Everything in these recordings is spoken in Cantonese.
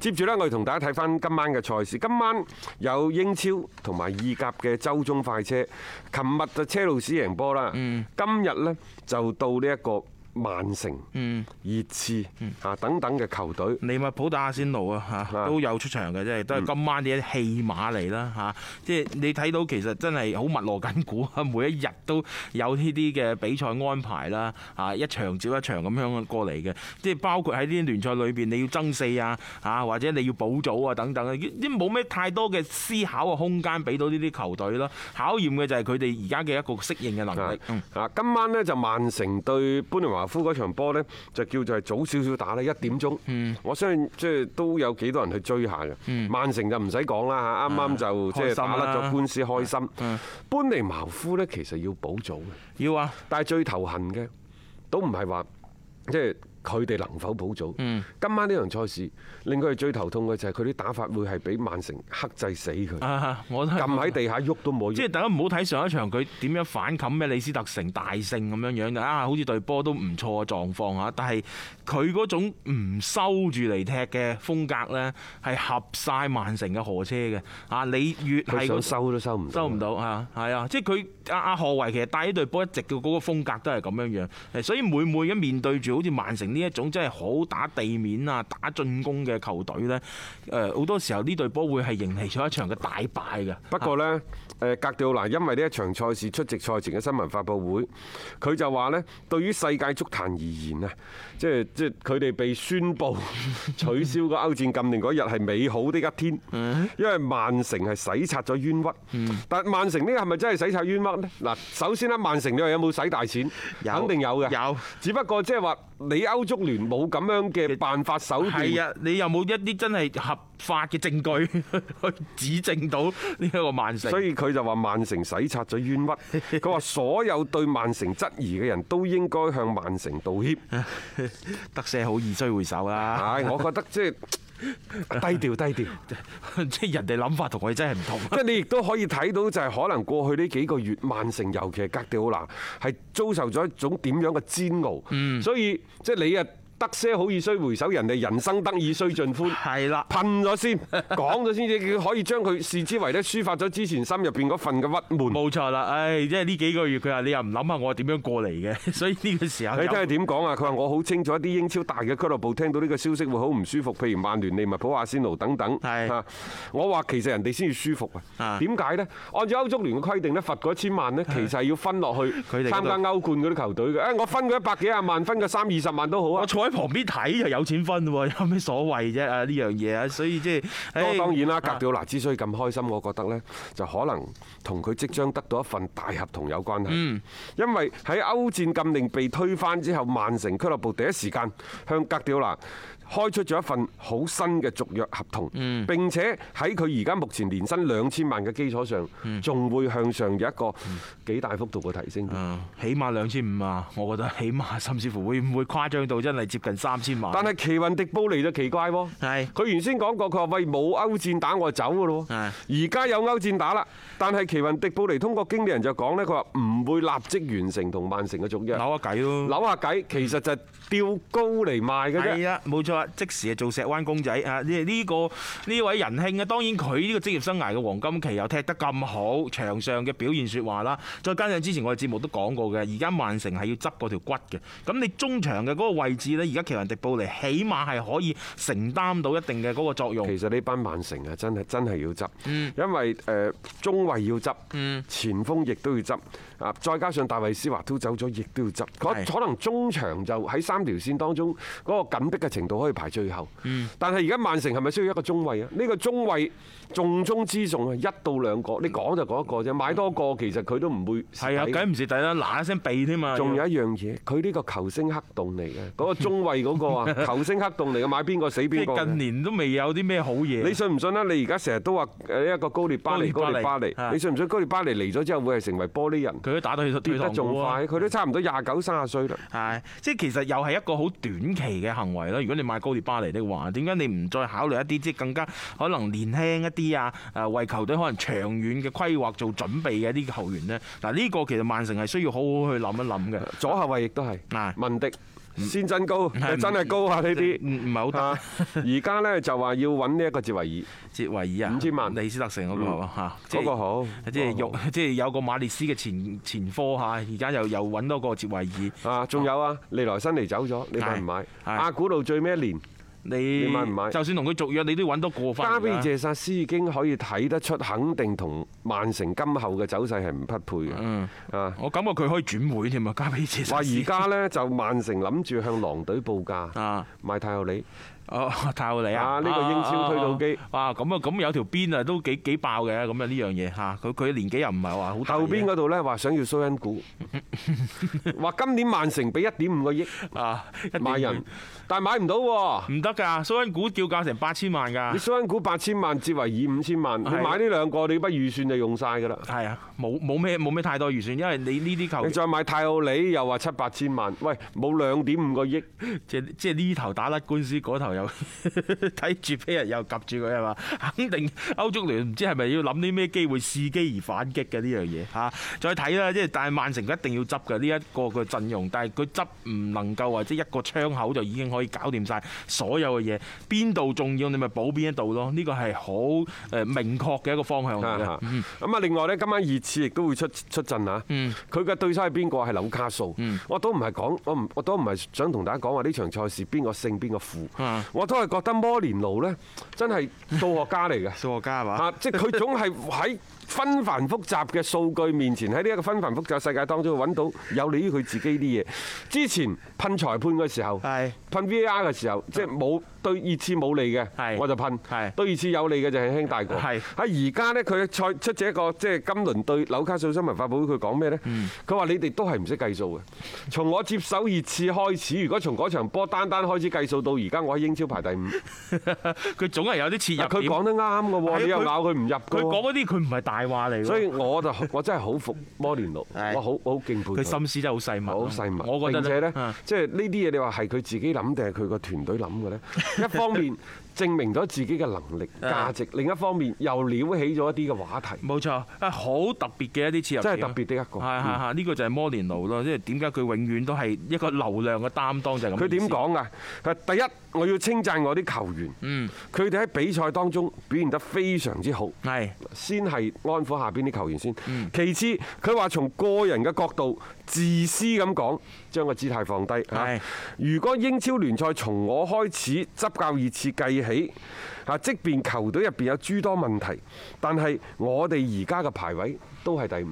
接住呢，我哋同大家睇翻今晚嘅賽事。今晚有英超同埋意甲嘅週中快車。琴日就車路士贏波啦，今日呢就到呢一個。曼城、嗯、熱刺啊、嗯、等等嘅球隊，利物浦打阿仙奴啊，嚇都有出場嘅、嗯，即係都係今晚啲戲碼嚟啦，嚇！即係你睇到其實真係好密鑼緊鼓，每一日都有呢啲嘅比賽安排啦，嚇一場接一場咁樣過嚟嘅，即係包括喺呢啲聯賽裏邊，你要爭四啊，嚇或者你要保組啊等等，啲冇咩太多嘅思考嘅空間俾到呢啲球隊啦。考驗嘅就係佢哋而家嘅一個適應嘅能力。啊、嗯，今晚呢，就曼城對般尼夫嗰場波呢，就叫做係早少少打咧一點鐘，我相信即係都有幾多人去追下嘅。曼城就唔使講啦嚇，啱啱就即係打甩咗官司，開心。搬嚟茅夫呢，其實要補早嘅，要啊。但係最頭痕嘅都唔係話即係。佢哋能否補早？今晚呢場賽事令佢哋最頭痛嘅就係佢啲打法會係俾曼城克制死佢。我撳喺地下喐都冇。即係大家唔好睇上一場佢點樣反冚咩李斯特城大勝咁樣樣啊，好似隊波都唔錯嘅狀況啊，但係佢嗰種唔收住嚟踢嘅風格呢，係合晒曼城嘅河車嘅。啊，你越係想收都收唔收唔到啊，係啊，係啊，即係佢阿阿何為其實帶呢隊波一直嘅嗰個風格都係咁樣樣。所以每每咁面，面對住好似曼城。呢一種真係好打地面啊，打進攻嘅球隊咧，誒，好多時候呢隊波會係迎嚟咗一場嘅大敗嘅。不過咧，誒、嗯、格調蘭，因為呢一場賽事出席賽前嘅新聞發佈會，佢就話咧，對於世界足壇而言啊，即係即係佢哋被宣布取消個歐戰禁令嗰日係美好的一天，因為曼城係洗刷咗冤屈。但曼城呢個係咪真係洗刷冤屈咧？嗱，首先咧，曼城你又有冇使大錢？肯定有嘅。有，只不過即係話，你歐。歐足聯冇咁樣嘅辦法手段，係啊！你有冇一啲真係合法嘅證據去指證到呢一個曼城？所以佢就話曼城洗刷咗冤屈。佢話所有對曼城質疑嘅人都應該向曼城道歉。得舍好易追回首啦。係，我覺得即係。低調低調，即係人哋諗法同佢真係唔同。即係你亦都可以睇到，就係可能過去呢幾個月，曼城尤其係格迪奧拿，係遭受咗一種點樣嘅煎熬。嗯，所以即係你啊。得些好意須回首，人哋人生得意須盡歡。係啦，噴咗先，講咗先至，可以將佢視之為咧，抒發咗之前心入邊嗰份嘅鬱悶。冇錯啦，唉，即係呢幾個月佢話你又唔諗下我係點樣過嚟嘅，所以呢個時候。你聽下點講啊？佢話我好清楚一啲英超大嘅俱樂部聽到呢個消息會好唔舒服，譬如曼聯、利物浦、阿仙奴等等。我話其實人哋先至舒服啊。點解呢？按照歐足聯嘅規定咧，罰嗰一千萬呢，其實係要分落去參加歐冠嗰啲球隊嘅。我分個一百幾廿萬，分個三二十萬都好啊。旁邊睇又有錢分喎，有咩所謂啫？啊呢樣嘢啊，所以即係，當然啦，格調拿之所以咁開心，我覺得呢，就可能同佢即將得到一份大合同有關係。嗯，因為喺歐戰禁令被推翻之後，曼城俱樂部第一時間向格調拿開出咗一份好新嘅續約合同。嗯。並且喺佢而家目前年薪兩千萬嘅基礎上，嗯。仲會向上有一個幾大幅度嘅提升。嗯。起碼兩千五啊，我覺得起碼甚至乎會唔會誇張到真係接？近三千萬，但係奇雲迪布尼就奇怪喎，佢原先講過，佢話喂，冇歐戰打我就走嘅咯，而家有歐戰打啦，但係奇雲迪布尼通過經理人就講呢，佢話唔會立即完成同曼城嘅續約，扭下計咯，扭下計，其實就係吊高嚟賣嘅啫，冇錯，即時就做石灣公仔啊！呢呢個呢位仁兄啊，當然佢呢個職業生涯嘅黃金期又踢得咁好，場上嘅表現説話啦，再加上之前我哋節目都講過嘅，而家曼城係要執嗰條骨嘅，咁你中場嘅嗰個位置呢？而家奇雲迪布尼，起碼係可以承擔到一定嘅嗰個作用。其實呢班曼城啊，真係真係要執，因為誒中衞要執，前鋒亦都要執啊，再加上大衛斯華都走咗，亦都要執。可能中場就喺三條線當中嗰個緊逼嘅程度可以排最後。但係而家曼城係咪需要一個中衞啊？呢個中衞重中之重啊，一到兩個，你講就講一個啫，買多個其實佢都唔會係啊，梗唔蝕底啦，嗱一聲避添嘛。仲有一樣嘢，佢呢個球星黑洞嚟嘅嗰個中位嗰，那個啊，球星黑洞嚟嘅，買邊個死邊個？近年都未有啲咩好嘢。你信唔信啊？你而家成日都話誒一個高列巴黎，高列巴黎，巴黎你信唔信？高列巴黎嚟咗之後會係成為玻璃人？佢都打到跌得仲快，佢都差唔多廿九、三十歲啦。係，即係其實又係一個好短期嘅行為啦。如果你買高列巴黎的話，點解你唔再考慮一啲即係更加可能年輕一啲啊？誒，為球隊可能長遠嘅規劃做準備嘅一啲球員呢？嗱，呢個其實曼城係需要好好去諗一諗嘅。左後衞亦都係啊，文迪。先真高，真係高下呢啲，唔唔係好得。而家咧就話要揾呢一個捷維爾，捷維爾啊，五千萬，里斯特城嗰個嚇，嗰個好，即係肉，即係有個馬列斯嘅前前科嚇。而家又又揾多個捷維爾，啊，仲有啊，利來新嚟走咗，你買唔買？阿古路最尾一年。你買唔買就算同佢續約，你都揾得過分。加比謝薩斯已經可以睇得出，肯定同曼城今後嘅走勢係唔匹配嘅。啊，我感覺佢可以轉會添啊！加比謝薩斯話而家呢，就曼城諗住向狼隊報價，賣太后李、嗯。嗯哦，泰奧里啊！呢、呢個英超推土機。哇，咁啊，咁、啊啊啊、有條邊啊，都幾幾爆嘅。咁啊，呢樣嘢嚇，佢佢年紀又唔係話好大。後邊嗰度咧話想要蘇恩股，話 今年曼城俾一點五個億啊買人，但係買唔到喎，唔得㗎。蘇恩股叫價成八千萬㗎。你蘇恩股八千萬至為二五千萬、啊，你買呢兩個，你筆預算就用晒㗎啦。係啊，冇冇咩冇咩太多預算，因為你呢啲球你再買泰奧里又話七八千萬，喂，冇兩點五個億，即即呢頭打甩官司嗰頭睇住俾人又及住佢係嘛，肯定歐足聯唔知係咪要諗啲咩機會，伺機而反擊嘅呢樣嘢吓，再睇啦。即係但係曼城佢一定要執嘅呢一個嘅陣容，但係佢執唔能夠或者一個窗口就已經可以搞掂晒所有嘅嘢，邊度重要你咪補邊一度咯。呢個係好誒明確嘅一個方向嘅。咁啊，嗯、另外呢，今晚熱刺亦都會出出陣吓，佢嘅對手係邊個？係紐卡素。嗯、我都唔係講，我唔我都唔係想同大家講話呢場賽事邊個勝邊個負。我都係覺得摩連奴呢真係數學家嚟嘅，數學家嘛，即係佢總係喺紛繁複雜嘅數據面前，喺呢一個紛繁複雜世界當中揾到有利於佢自己啲嘢。之前噴裁判嘅時候，係噴 VAR 嘅時候，即係冇。對熱刺冇利嘅，我就噴；對熱刺有利嘅就係輕帶過。喺而家呢，佢賽出咗一個即係金輪對紐卡素新聞發佈會，佢講咩咧？佢話：你哋都係唔識計數嘅。從我接手熱刺開始，如果從嗰場波單單開始計數到而家，我喺英超排第五。佢總係有啲切入。佢講得啱嘅喎，你又咬佢唔入。佢講嗰啲佢唔係大話嚟。所以我就我真係好服摩連奴，我好好敬佩佢。佢心思真係好細密，好細密。我覺得而且咧，即係呢啲嘢你話係佢自己諗定係佢個團隊諗嘅咧。一方面證明咗自己嘅能力價值，另一方面又撩起咗一啲嘅話題。冇錯，好特別嘅一啲切入點，真係特別的一個。係係係，呢個就係摩連奴咯，即係點解佢永遠都係一個流量嘅擔當就係咁。佢點講啊？佢第一，我要稱讚我啲球員，嗯，佢哋喺比賽當中表現得非常之好，係先係安撫下邊啲球員先。其次佢話從個人嘅角度自私咁講。將個姿態放低係如果英超聯賽從我開始執教熱刺計起啊，即便球隊入邊有諸多問題，但係我哋而家嘅排位都係第五。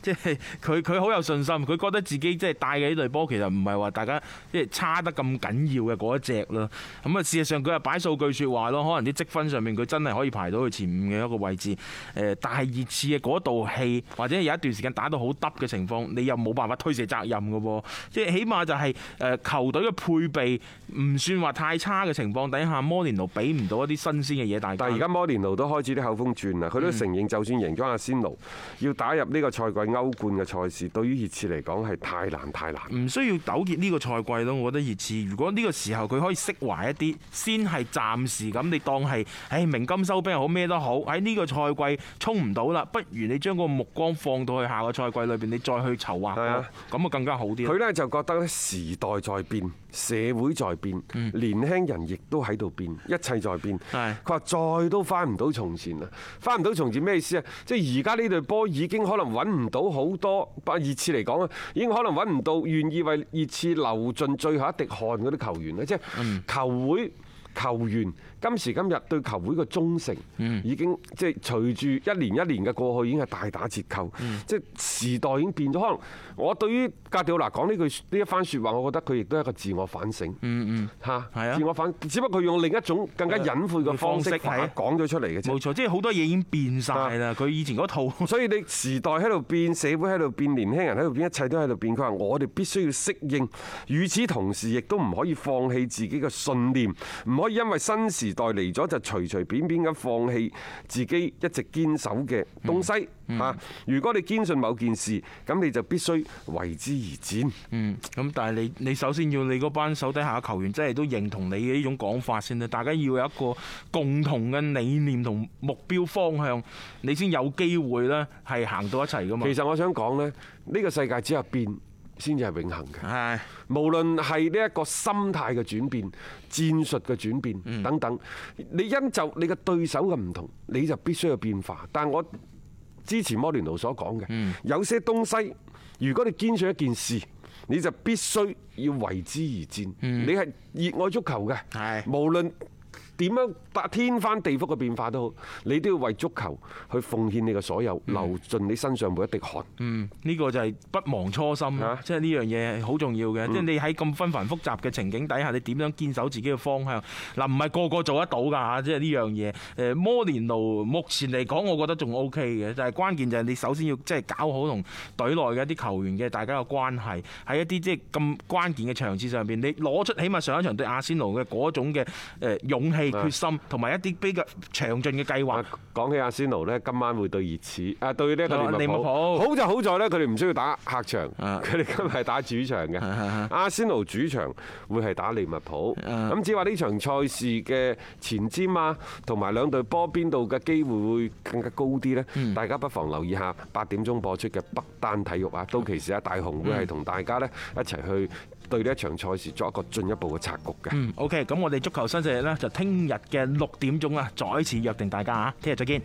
即係佢佢好有信心，佢覺得自己即係帶嘅呢隊波其實唔係話大家即係差得咁緊要嘅一隻咯。咁啊，事實上佢係擺數據說話咯，可能啲積分上面佢真係可以排到去前五嘅一個位置。誒，但係熱刺嘅度氣或者有一段時間打到好耷嘅情況，你又冇辦法推卸責任。任嘅即係起碼就係誒球隊嘅配備唔算話太差嘅情況底下，摩連奴俾唔到一啲新鮮嘅嘢，但係而家摩連奴都開始啲口風轉啦，佢都承認就算贏咗阿仙奴，要打入呢個賽季歐冠嘅賽事，對於熱刺嚟講係太難太難。唔需要糾結呢個賽季咯，我覺得熱刺如果呢個時候佢可以釋懷一啲，先係暫時咁，你當係誒鳴金收兵好咩都好，喺呢個賽季衝唔到啦，不如你將個目光放到去下個賽季裏邊，你再去籌劃，咁更加好啲。佢呢就覺得呢時代在變，社會在變，年輕人亦都喺度變，一切在變。佢話再都翻唔到從前啦，翻唔到從前咩意思啊？即係而家呢隊波已經可能揾唔到好多，熱刺嚟講啊，已經可能揾唔到願意為熱刺流盡最後一滴汗嗰啲球員啦，即係球會球員。今時今日對球會嘅忠誠已經即係隨住一年一年嘅過去已經係大打折扣，即係時代已經變咗。可能我對於加迪奧拿講呢句呢一番説話，我覺得佢亦都係一個自我反省。嗯嗯，嚇，自我反，只不過佢用另一種更加隱晦嘅方式係講咗出嚟嘅啫。冇錯，即係好多嘢已經變晒啦。佢以前嗰套，所以你時代喺度變，社會喺度變，年輕人喺度變，一切都喺度變。佢話：我哋必須要適應，與此同時亦都唔可以放棄自己嘅信念，唔可以因為新時代嚟咗就隨隨便便咁放棄自己一直堅守嘅東西吓。如果你堅信某件事，咁你就必須為之而戰，嗯。嗯，咁但係你你首先要你嗰班手底下嘅球員真係都認同你嘅呢種講法先啦。大家要有一個共同嘅理念同目標方向，你先有機會呢係行到一齊噶嘛。其實我想講呢，呢、這個世界只係變，先至係永恆嘅，無論係呢一個心態嘅轉變、戰術嘅轉變等等，嗯、你因就你嘅對手嘅唔同，你就必須有變化。但我之前摩連奴所講嘅，嗯、有些東西如果你堅信一件事，你就必須要為之而戰。嗯、你係熱愛足球嘅，嗯、無論，點樣把天翻地覆嘅變化都好，你都要為足球去奉獻你嘅所有，流盡你身上每一滴汗。嗯，呢個就係不忘初心，即係呢樣嘢好重要嘅。即係你喺咁紛繁複雜嘅情景底下，你點樣堅守自己嘅方向？嗱，唔係個個做得到㗎嚇。即係呢樣嘢，誒摩連奴目前嚟講，我覺得仲 O K 嘅，但係關鍵就係你首先要即係搞好同隊內嘅一啲球員嘅大家嘅關係。喺一啲即係咁關鍵嘅場次上邊，你攞出起碼上一場對阿仙奴嘅嗰種嘅誒勇氣。決心同埋一啲比較長進嘅計劃。講起阿仙奴呢，今晚會對熱刺，啊對呢一利，利物浦。好就好在呢，佢哋唔需要打客場，佢、啊、哋今日係打主場嘅。阿仙奴主場會係打利物浦。咁、啊、只話呢場賽事嘅前瞻啊，同埋兩隊波邊度嘅機會會更加高啲呢、嗯。大家不妨留意下八點鐘播出嘅北單體育啊，到期時阿大雄會係同大家呢一齊去。對呢一場賽事作一個進一步嘅拆局嘅。嗯，OK，咁我哋足球新勢力咧，就聽日嘅六點鐘啊，再次約定大家啊，聽日再見。